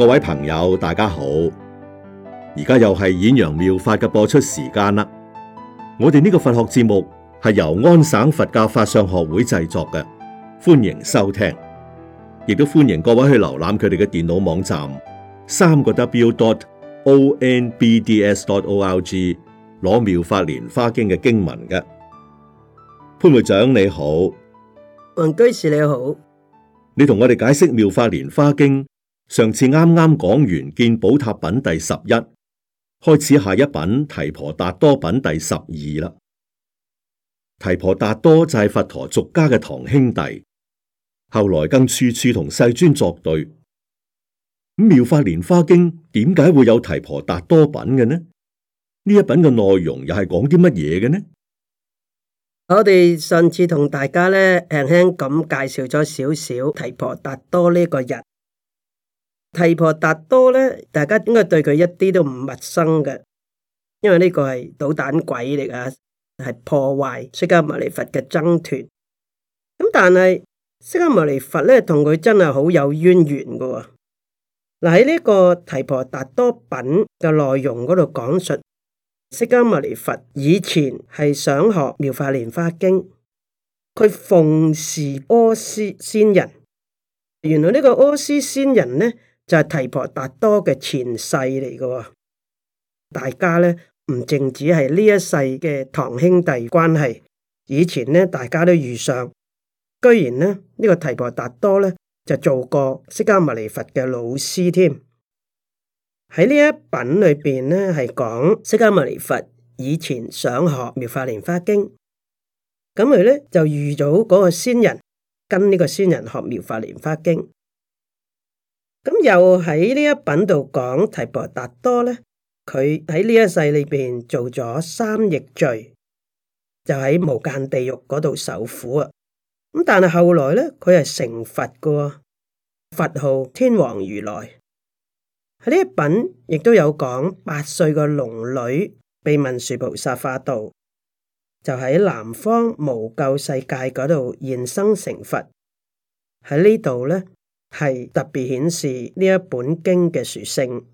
各位朋友，大家好！而家又係演揚妙法嘅播出時間啦。我哋呢個佛學節目係由安省佛教法相學會製作嘅，歡迎收聽，亦都歡迎各位去瀏覽佢哋嘅電腦網站：三個 W dot O N B D S dot O L G，攞妙法蓮花經嘅經文嘅。潘會長你好，黃居士你好，你同我哋解釋妙法蓮花經。上次啱啱講完見寶塔品第十一，開始下一品提婆達多品第十二啦。提婆達多就係佛陀俗家嘅堂兄弟，後來更處處同世尊作對。咁妙法蓮花經點解會有提婆達多品嘅呢？呢一品嘅內容又係講啲乜嘢嘅呢？我哋上次同大家咧輕輕咁介紹咗少少提婆達多呢個人。提婆達多咧，大家應該對佢一啲都唔陌生嘅，因為呢個係搗蛋鬼嚟㗎，係破壞釋迦牟尼佛嘅爭奪。咁但係釋迦牟尼佛咧，同佢真係好有淵源噶。嗱，喺呢個提婆達多品嘅內容嗰度講述，釋迦牟尼佛以前係想學《妙法蓮花經》，佢奉侍阿斯仙人。原來個柯呢個阿斯仙人咧。就係提婆達多嘅前世嚟嘅。哦，大家咧唔淨止係呢一世嘅堂兄弟關係，以前咧大家都遇上，居然咧呢、呢個提婆達多咧就做過釋迦牟尼佛嘅老師添。喺呢一品裏邊咧，係講釋迦牟尼佛以前想學《妙法蓮花經》，咁佢咧就遇咗嗰個仙人，跟呢個仙人學《妙法蓮花經》。咁又喺呢一品度講提婆達多咧，佢喺呢一世裏邊做咗三逆罪，就喺無間地獄嗰度受苦啊！咁但係後來咧，佢係成佛噶，佛號天王如來。喺呢一品亦都有講八歲個龍女被文殊菩薩化道，就喺南方無垢世界嗰度現生成佛。喺呢度咧。係特別顯示呢一本經嘅殊勝。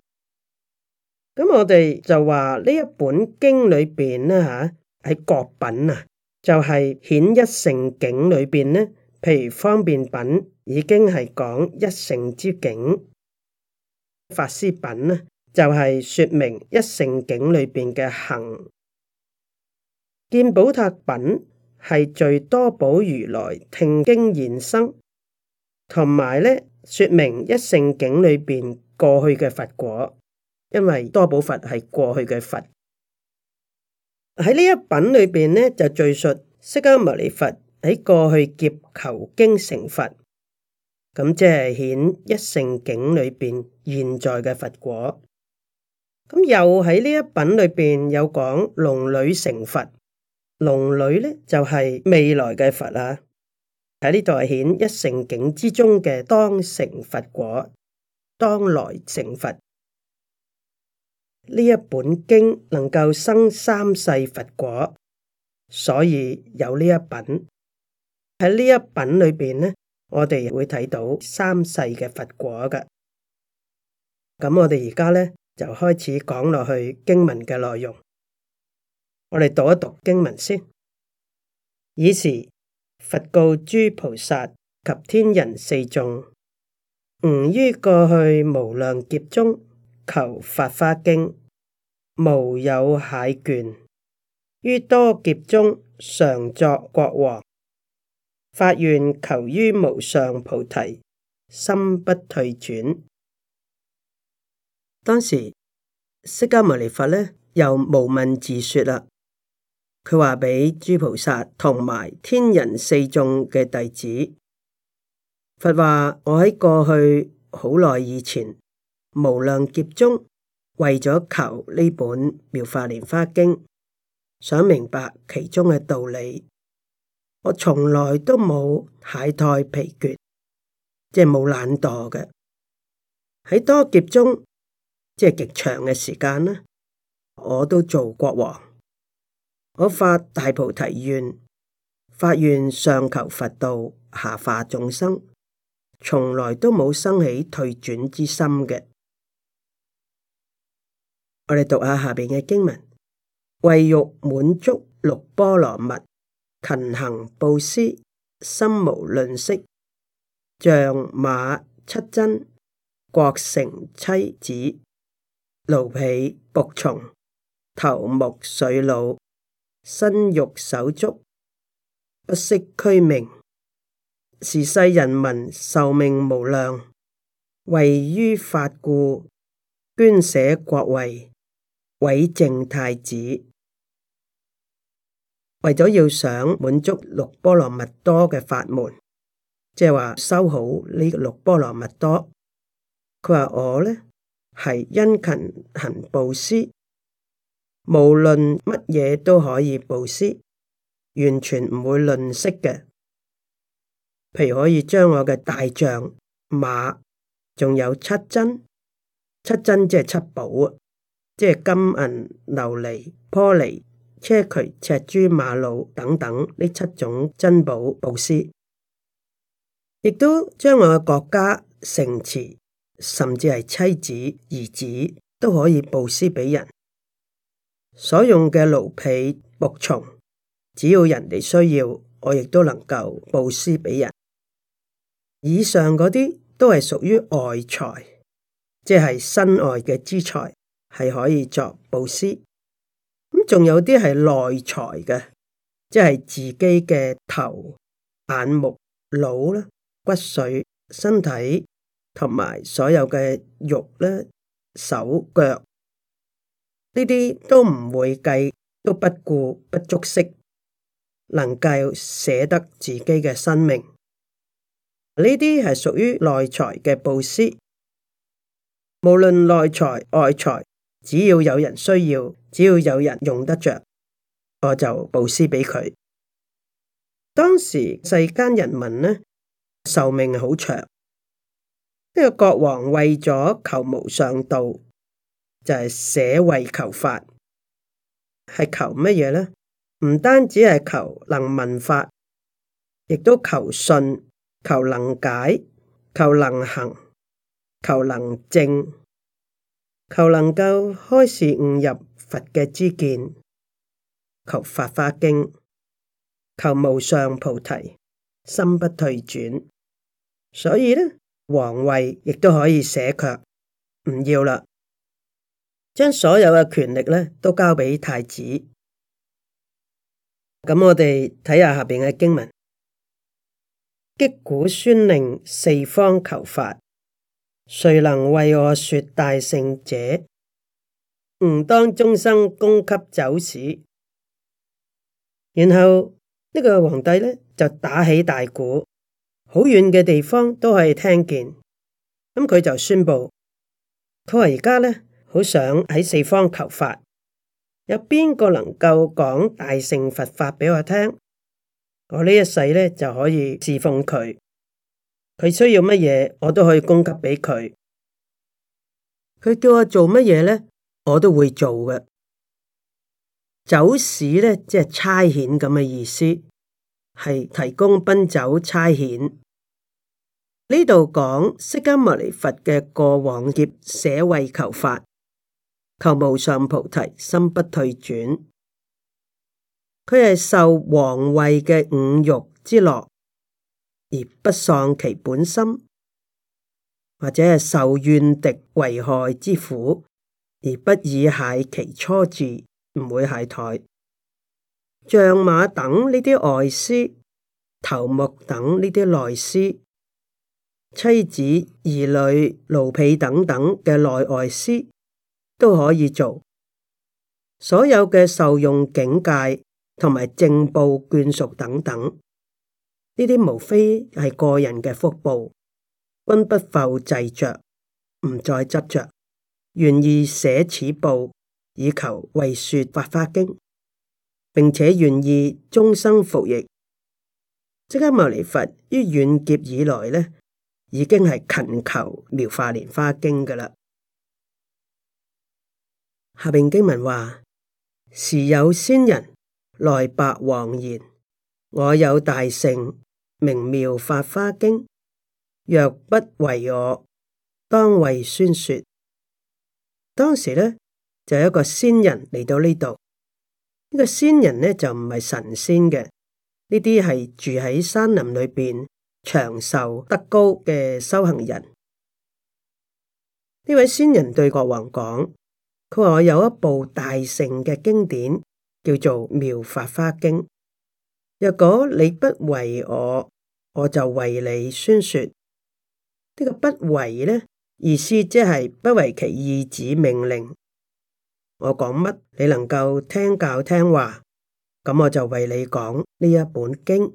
咁我哋就話呢一本經裏邊呢吓，喺、啊、各品啊，就係、是、顯一乘境裏邊呢。譬如方便品已經係講一乘之境，法師品呢就係、是、說明一乘境裏邊嘅行，見寶塔品係最多寶如來聽經現生。同埋咧，說明一聖境裏邊過去嘅佛果，因為多寶佛係過去嘅佛，喺呢一品裏邊咧就敘述釋迦牟尼佛喺過去劫求經成佛，咁即係顯一聖境裏邊現在嘅佛果。咁又喺呢一品裏邊有講龍女成佛，龍女咧就係未來嘅佛啊。喺呢度係顯一聖境之中嘅當成佛果，當來成佛。呢一本經能夠生三世佛果，所以有呢一品。喺呢一品裏邊呢，我哋會睇到三世嘅佛果嘅。咁我哋而家呢就開始講落去經文嘅內容。我哋讀一讀經文先，以時。佛告諸菩薩及天人四眾：吾於過去無量劫中，求法華經，無有懈倦；於多劫中常作國王，發願求於無上菩提，心不退轉。當時釋迦牟尼佛呢，又無問自說啦。佢話俾諸菩薩同埋天人四眾嘅弟子，佛話：我喺過去好耐以前，無量劫中，為咗求呢本妙法蓮花經，想明白其中嘅道理，我從來都冇懈怠疲倦，即係冇懶惰嘅。喺多劫中，即係極長嘅時間啦，我都做國王。我發大菩提願，發願上求佛道，下化眾生，從來都冇生起退轉之心嘅。我哋讀下下邊嘅經文：為欲滿足六波羅蜜，勤行布施，心無吝惜，象馬七珍，國城妻子，奴婢僕從，頭目髓腦，身肉手足不惜軀命，時世人民壽命無量，為於法故捐捨國位，委政太子。為咗要想滿足六波羅蜜多嘅法門，即係話修好呢六波羅蜜多，佢話我呢係殷勤行布施。無論乜嘢都可以布施，完全唔會吝嗇嘅。譬如可以將我嘅大象、馬，仲有七珍。七珍即係七寶，即係金銀琉璃、玻璃、硨磲、赤珠、瑪瑙等等呢七種珍寶布施。亦都將我嘅國家、城池，甚至係妻子、兒子都可以布施俾人。所用嘅奴婢僕從，只要人哋需要，我亦都能夠布施俾人。以上嗰啲都係屬於外財，即係身外嘅資財，係可以作布施。咁仲有啲係內財嘅，即係自己嘅頭、眼、目、腦啦、骨髓、身體同埋所有嘅肉啦、手腳。腳呢啲都唔會計，都不顧不，不足惜，能夠捨得自己嘅生命，呢啲係屬於內財嘅布施。無論內財外財，只要有人需要，只要有人用得着，我就布施俾佢。當時世間人民呢，壽命好長，呢、這個國王為咗求無上道。就係捨位求法，係求乜嘢咧？唔單止係求能聞法，亦都求信、求能解、求能行、求能證、求能夠開示悟入佛嘅知見、求法華經、求無上菩提，心不退轉。所以咧，王位亦都可以捨卻，唔要啦。將所有嘅權力咧都交俾太子。咁我哋睇下下邊嘅經文：擊鼓宣令四方求法，誰能為我說大聖者？吾當終生供給走使。然後呢個皇帝咧就打起大鼓，好遠嘅地方都可以聽見。咁佢就宣布，佢話而家咧。好想喺四方求法，有邊個能夠講大乘佛法俾我聽？我呢一世咧就可以侍奉佢，佢需要乜嘢我都可以供給俾佢。佢叫我做乜嘢咧，我都會做嘅。走使咧即係差遣咁嘅意思，係提供奔走差遣。呢度講釋迦牟尼佛嘅過往業捨為求法。求無上菩提心不退轉，佢係受皇位嘅五欲之樂，而不喪其本心；或者係受怨敵危害之苦，而不以喺其初志。唔會喺台象馬等呢啲外師，頭目等呢啲內師，妻子兒女奴婢等等嘅內外師。都可以做，所有嘅受用境界同埋正報眷屬等等，呢啲無非係個人嘅福報，均不浮制着，唔再執着，願意捨此報以求為說法華經，並且願意終生服役。釋迦牟尼佛於遠劫以來呢，已經係勤求妙法蓮華經嘅啦。下邊經文話：時有仙人來白王言，我有大乘名妙法花經，若不為我，當為宣說。當時咧就有一個仙人嚟到、這個、人呢度，呢個仙人咧就唔係神仙嘅，呢啲係住喺山林裏邊長壽德高嘅修行人。呢位仙人對國王講。佢話我有一部大乘嘅經典，叫做《妙法華經》。若果你不為我，我就為你宣說。呢、這個不為呢意思即係不為其意指命令。我講乜你能夠聽教聽話，咁我就為你講呢一本經。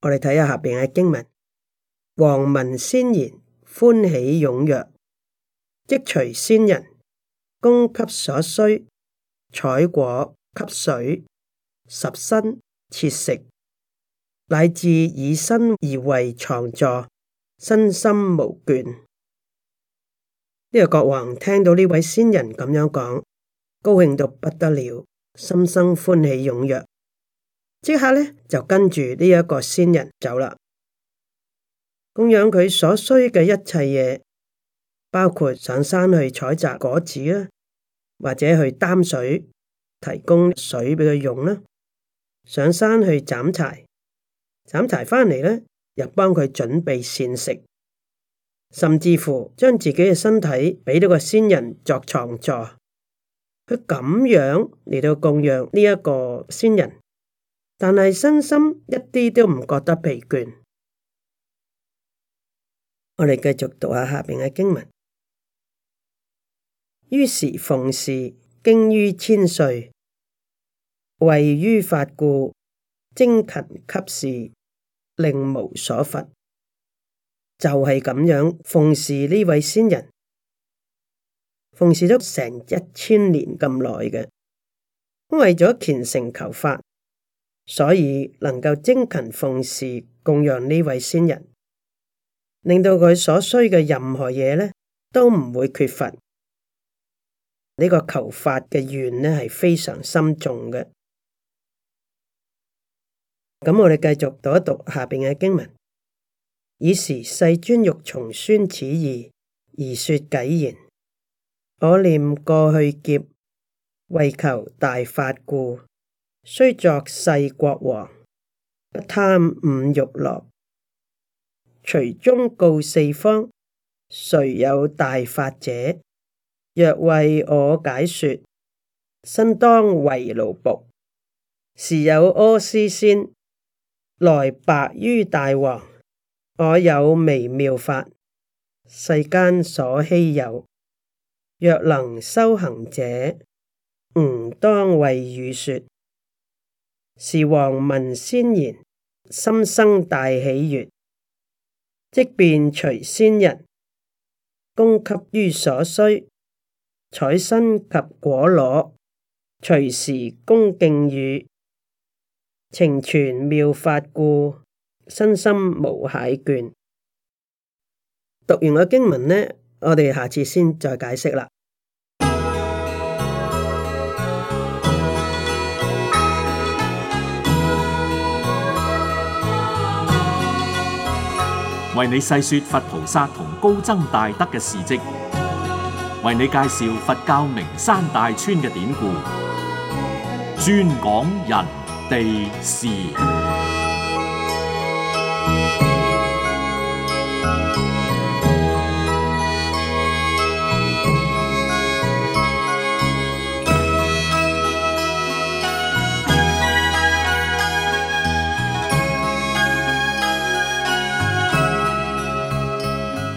我哋睇下下邊嘅經文，王聞先言，歡喜踴躍。即除仙人供給所需，採果給水，拾薪切食，乃至以身而為床座，身心無倦。呢、這個國王聽到呢位仙人咁樣講，高興到不得了，心生歡喜踊躍。即刻咧就跟住呢一個仙人走啦，供養佢所需嘅一切嘢。包括上山去採摘果子啦，或者去擔水提供水俾佢用啦，上山去斬柴，斬柴翻嚟咧又幫佢準備膳食，甚至乎將自己嘅身體俾到個仙人作床座，佢咁樣嚟到供養呢一個仙人，但係身心一啲都唔覺得疲倦。我哋繼續讀下下邊嘅經文。於是奉事經於千歲，為於法故，精勤給事，令無所乏。就係、是、咁樣，奉事呢位仙人，奉事咗成一千年咁耐嘅，為咗虔誠求法，所以能夠精勤奉事，供養呢位仙人，令到佢所需嘅任何嘢咧，都唔會缺乏。呢個求法嘅願呢，係非常深重嘅。咁我哋繼續讀一讀下邊嘅經文。爾時世尊欲重宣此義，而說偈言：我念過去劫，為求大法故，雖作世國王，不貪五欲樂。椎鍾告四方，誰有大法者？若為我解說，身當為奴僕；時有阿私仙，來白於大王，我有微妙法，世間所稀有。若能修行者，吾當為汝說。時王聞先言，心生大喜悅，即便隨仙人，供給於所需。採薪及果蓏，隨時恭敬與，情存妙法故，身心無懈倦。讀完個經文呢，我哋下次先再解釋啦。為你細說佛菩薩同高僧大德嘅事迹。為你介紹佛教名山大川嘅典故，專講人地事。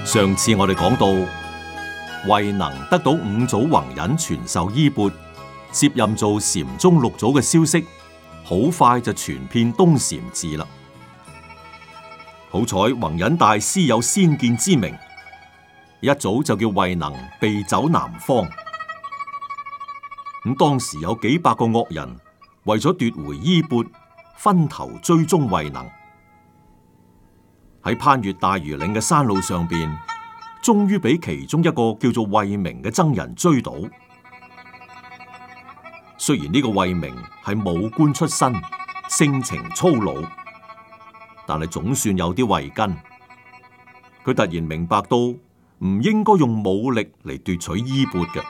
上次我哋講到。慧能得到五祖弘忍傳授衣缽，接任做禪宗六祖嘅消息，好快就傳遍東禪寺啦。好彩弘忍大師有先見之明，一早就叫慧能避走南方。咁當時有幾百個惡人為咗奪回衣缽，分頭追蹤慧能，喺攀越大庾嶺嘅山路上邊。終於俾其中一個叫做慧明嘅僧人追到。雖然呢個慧明係武官出身，性情粗魯，但係總算有啲慧根。佢突然明白到唔應該用武力嚟奪取衣缽嘅，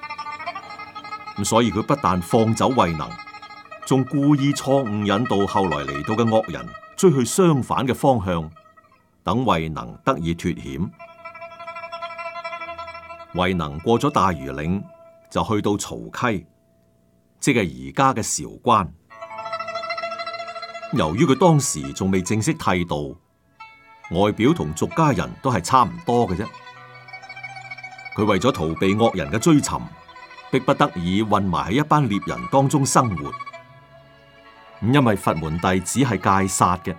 咁所以佢不但放走慧能，仲故意錯誤引導後來嚟到嘅惡人追去相反嘅方向，等慧能得以脫險。慧能過咗大庾嶺，就去到曹溪，即係而家嘅韶關。由於佢當時仲未正式剃度，外表同俗家人都係差唔多嘅啫。佢為咗逃避惡人嘅追尋，迫不得已混埋喺一班獵人當中生活。因為佛門弟子係戒殺嘅，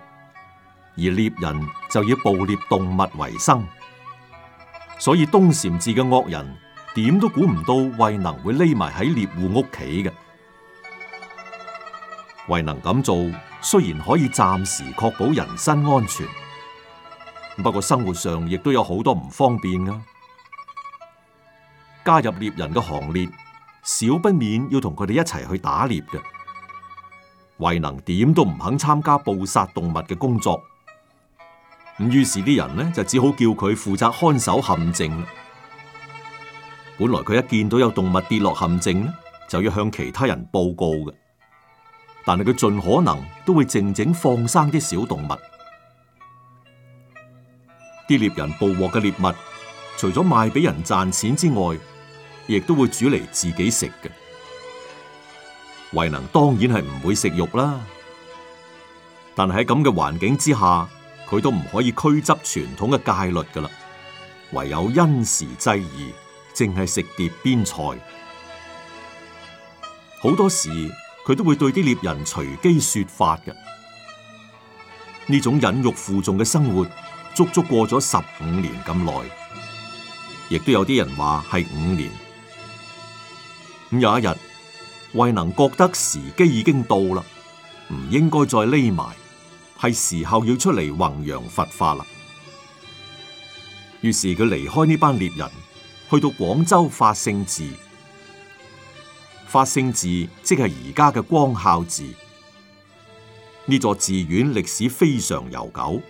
而獵人就以捕獵動物為生。所以東禪寺嘅惡人點都估唔到慧能會匿埋喺獵戶屋企嘅。慧能咁做雖然可以暫時確保人身安全，不過生活上亦都有好多唔方便啊。加入獵人嘅行列，少不免要同佢哋一齊去打獵嘅。慧能點都唔肯參加捕殺動物嘅工作。咁於是啲人呢，就只好叫佢負責看守陷阱啦。本來佢一見到有動物跌落陷阱咧，就要向其他人報告嘅。但係佢盡可能都會靜靜放生啲小動物。啲獵人捕獲嘅獵物，除咗賣俾人賺錢之外，亦都會煮嚟自己食嘅。慧能當然係唔會食肉啦，但係喺咁嘅環境之下。佢都唔可以拘執傳統嘅戒律噶啦，唯有因時制宜，淨係食碟邊菜。好多時佢都會對啲獵人隨機說法嘅。呢種忍辱負重嘅生活，足足過咗十五年咁耐，亦都有啲人話係五年。咁有一日，慧能覺得時機已經到啦，唔應該再匿埋。係時候要出嚟弘揚佛法啦。於是佢離開呢班獵人，去到廣州法性寺。法性寺即係而家嘅光孝寺。呢座寺院歷史非常悠久，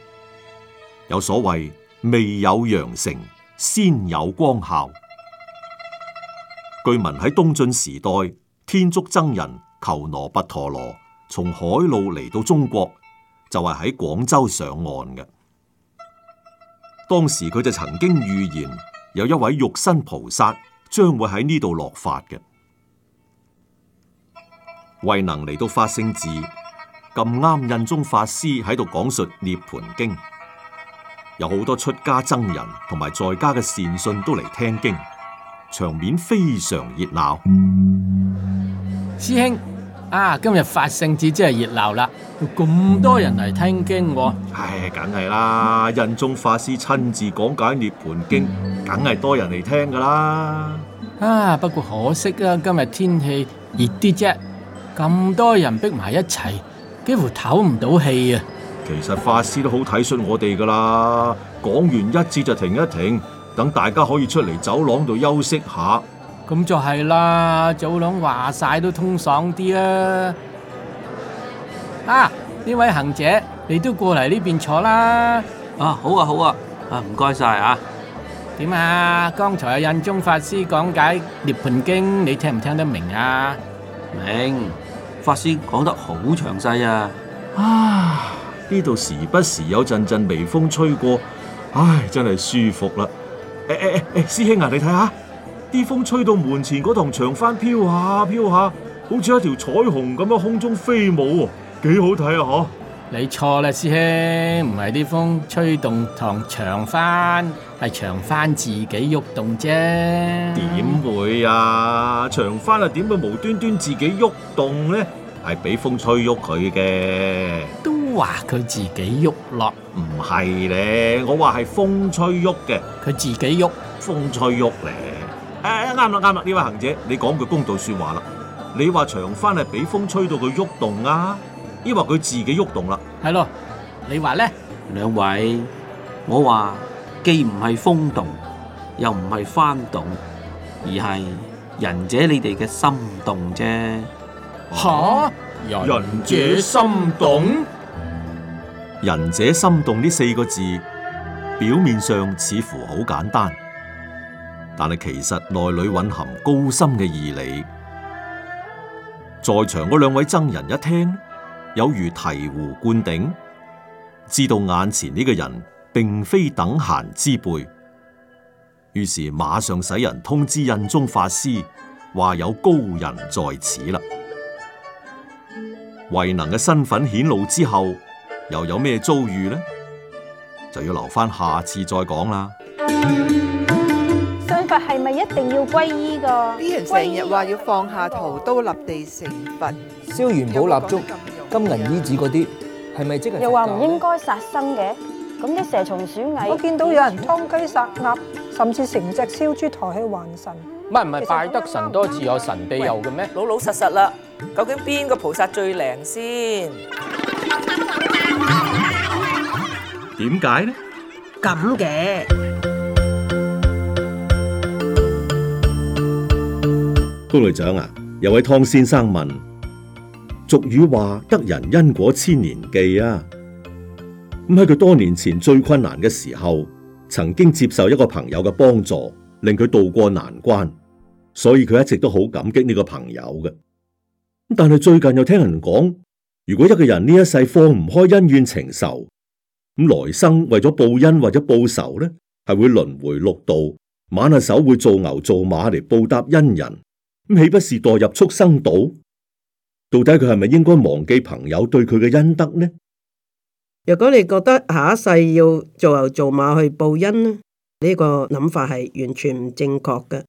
有所謂未有羊城，先有光孝。據聞喺東晉時代，天竺僧人求那跋陀羅從海路嚟到中國。就係喺廣州上岸嘅，當時佢就曾經預言，有一位肉身菩薩將會喺呢度落髮嘅。慧能嚟到法性寺，咁啱印宗法師喺度講述涅槃經，有好多出家僧人同埋在家嘅善信都嚟聽經，場面非常熱鬧。師兄。啊！今日法性寺真係熱鬧啦，咁多人嚟聽經喎。啊。唉，梗係啦，印宗法師親自講解《涅槃經》，梗係多人嚟聽噶啦。啊，不過可惜啊，今日天，天氣熱啲啫，咁多人逼埋一齊，幾乎唞唔到氣啊。其實法師都好體恤我哋噶啦，講完一次就停一停，等大家可以出嚟走廊度休息下。咁就係啦，早兩話曬都通爽啲啦。啊，呢位行者，你都過嚟呢邊坐啦。啊，好啊，好啊，啊唔該曬啊。點啊？剛才有印中法師講解《涅槃經》，你聽唔聽得明啊？明，法師講得好詳細啊。啊，呢度時不時有陣陣微風吹過，唉，真係舒服啦。誒誒誒，師兄啊，你睇下。啲風吹到門前嗰堂長帆飄下飄下，下，好似一條彩虹咁樣空中飛舞喎，幾好睇啊！嚇，你錯啦，師兄，唔係啲風吹動堂長帆，係長帆自己喐動啫。點會啊？長帆啊，點會無端端自己喐動咧？係俾風吹喐佢嘅。都話佢自己喐落，唔係咧，我話係風吹喐嘅，佢自己喐，風吹喐咧。啱啦啱啦，呢位行者，你講句公道說話啦。你話長幡係俾風吹到佢喐動啊，抑或佢自己喐動啦？係咯，你話咧？兩位，我話既唔係風動，又唔係幡動，而係仁者你哋嘅心動啫。吓，仁者心動，仁者心動呢四個字，表面上似乎好簡單。但係其實內裏蘊含高深嘅義理，在場嗰兩位僧人一聽，有如醍醐灌頂，知道眼前呢個人並非等閒之輩，於是馬上使人通知印宗法師，話有高人在此啦。慧能嘅身份顯露之後，又有咩遭遇呢？就要留翻下次再講啦。係咪一定要皈依㗎？成日話要放下屠刀立地成佛，燒元寶蠟燭、金銀衣紙嗰啲，係咪即係？又話唔應該殺生嘅，咁啲蛇蟲鼠蟻，我見到有人劏雞殺鴨，甚至成隻燒豬抬去還神。唔係唔係，拜得神多自有神庇佑嘅咩？老老實實啦，究竟邊個菩薩最靈先？點解呢？咁嘅。高隊長啊，有位湯先生問：俗語話得人恩果千年記啊。咁喺佢多年前最困難嘅時候，曾經接受一個朋友嘅幫助，令佢渡過難關，所以佢一直都好感激呢個朋友嘅。但係最近又聽人講，如果一個人呢一世放唔開恩怨情仇，咁來生為咗報恩或者報仇呢，係會輪回六道，晚下手會做牛做馬嚟報答恩人。咁豈不是墮入畜生道？到底佢係咪應該忘記朋友對佢嘅恩德呢？若果你覺得下一世要做牛做馬去報恩呢，呢個諗法係完全唔正確嘅，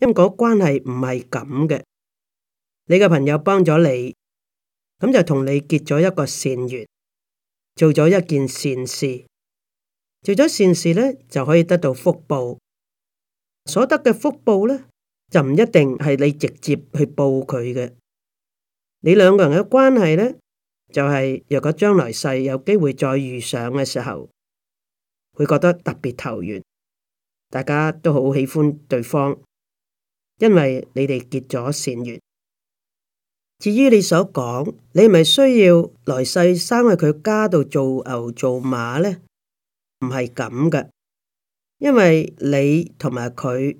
因果關係唔係咁嘅。你嘅朋友幫咗你，咁就同你結咗一個善緣，做咗一件善事，做咗善事呢，就可以得到福報，所得嘅福報呢，就唔一定係你直接去報佢嘅。你兩個人嘅關係呢，就係若果將來世有機會再遇上嘅時候，會覺得特別投緣，大家都好喜歡對方，因為你哋結咗善緣。至於你所講，你係咪需要來世生喺佢家度做牛做馬呢？唔係咁嘅，因為你同埋佢。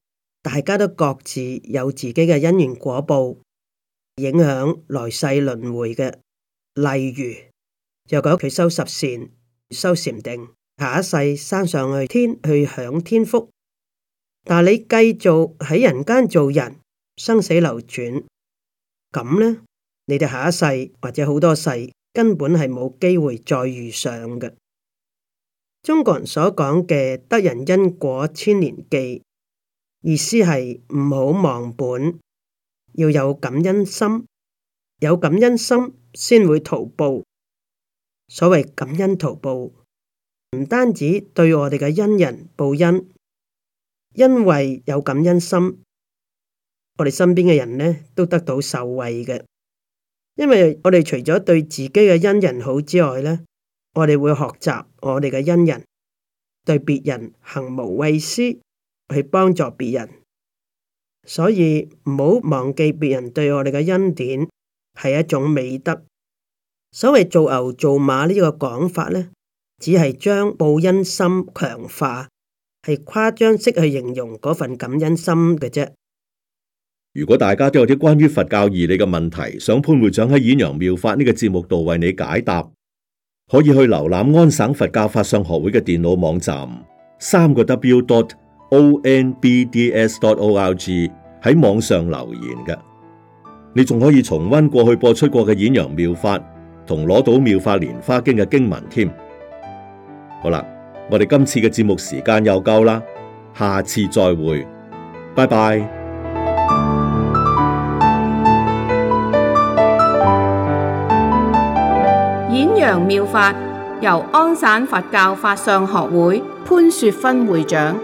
大家都各自有自己嘅因緣果報，影響來世輪回嘅。例如，若果佢修十善，修禪定，下一世生上去天去享天福，但係你繼續喺人間做人，生死流轉，咁咧，你哋下一世或者好多世根本係冇機會再遇上嘅。中國人所講嘅得人恩果千年記。意思係唔好忘本，要有感恩心，有感恩心先會圖報。所謂感恩圖報，唔單止對我哋嘅恩人報恩，因為有感恩心，我哋身邊嘅人呢都得到受惠嘅。因為我哋除咗對自己嘅恩人好之外呢，呢我哋會學習我哋嘅恩人對別人行無畏施。去幫助別人，所以唔好忘記別人對我哋嘅恩典係一種美德。所謂做牛做馬呢個講法咧，只係將報恩心強化，係誇張式去形容嗰份感恩心嘅啫。如果大家都有啲關於佛教義理嘅問題，想潘會長喺演揚妙法呢個節目度為你解答，可以去瀏覽安省佛教法相學會嘅電腦網站，三個 W dot。O N B D S. dot O L G 喺網上留言嘅，你仲可以重溫過去播出過嘅演揚妙法，同攞到妙法蓮花經嘅經文添。好啦，我哋今次嘅節目時間又夠啦，下次再會，拜拜。演揚妙法由安省佛教法相學會潘雪芬會長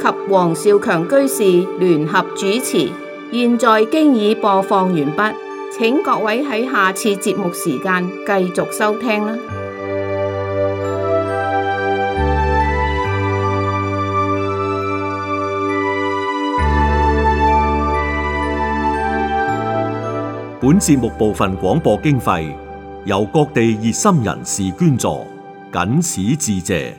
及黃少強居士聯合主持，現在經已播放完畢，請各位喺下次節目時間繼續收聽啦。本節目部分廣播經費由各地熱心人士捐助，謹此致謝。